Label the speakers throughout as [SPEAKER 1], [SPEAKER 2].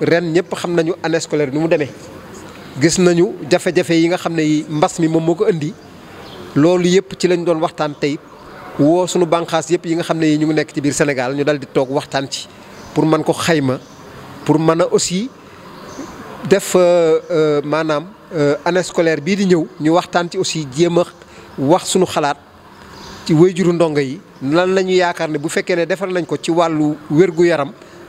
[SPEAKER 1] ren ñepp xam nañu année scolaire ni mu démé gis nañu jafe-jafe yi nga xamné mbass mi mom moko ko indi loolu ci lañ doon waxtaan tay wo sunu bankhas yépp yi nga xamné ñu nekk ci biir Sénégal ñu dal di waxtaan ci pour man ko xayma pour mëna aussi def euh, euh, manam euh, année scolaire bi di ñëw ñu waxtaan ci aussi jema wax sunu xalaat ci wayjuru ndonga yi lan lañu yaakar ne bu fekkee ne defal nañ ko ci walu wér yaram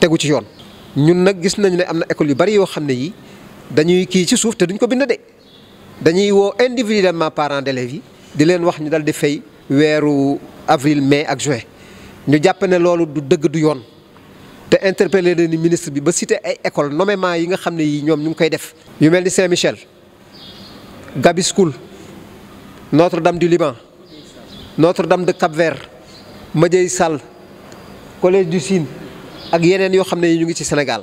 [SPEAKER 1] tégu ci yoon ñun nak gis nañu né amna école yu bari yo xamné yi dañuy ki ci suuf te duñ ko bind de dañuy wo individuellement parents d'élèves yi di leen wax ñu dal di fay wéru avril mai ak juin ñu japp né lolu du dëgg du yoon té interpellé na ministre bi ba cité ay école nommément yi nga xamné yi ñom ñu koy def yu mel Saint-Michel Gabi School Notre-Dame du Liban Notre-Dame de Cap-Vert Médéey Sall Collège du Sine ak yeneen yoo xam ne ñu ngi ci Sénégal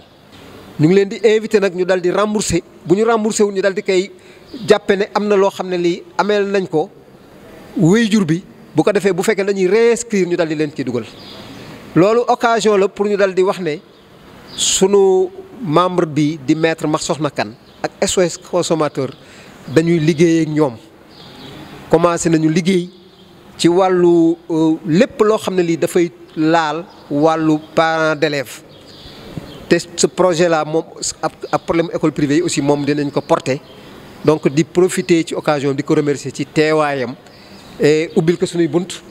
[SPEAKER 1] ñu ngi leen di invité nag ñu dal di remboursé bu ñu remboursé wu ñu dal di koy jàppe ne am na loo xam ne lii ameel nañ ko wéyjur bi bu ko defee bu fekkee dañuy réinscrire ñu dal di leen ciy dugal. loolu occasion la pour ñu dal di wax ne sunu membre bi di maître Max Soxna kan ak SOS consommateur dañuy liggéey ak ñoom commencé nañu liggéey. ci walu euh, lepp lo xamne li da fay laal walu parent d'élève té ce projet là mom a problème école privée aussi mom dinañ ko porter donc di profiter ci occasion di ko remercier ci téwayam et ubil ko suñuy bunt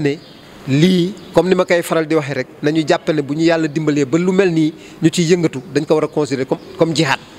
[SPEAKER 1] né li comme ma kay faral di waxe rek nañu né buñu yalla dimbalé ba lu melni ñu ci yëngatu dañ ko wara considérer comme comme jihad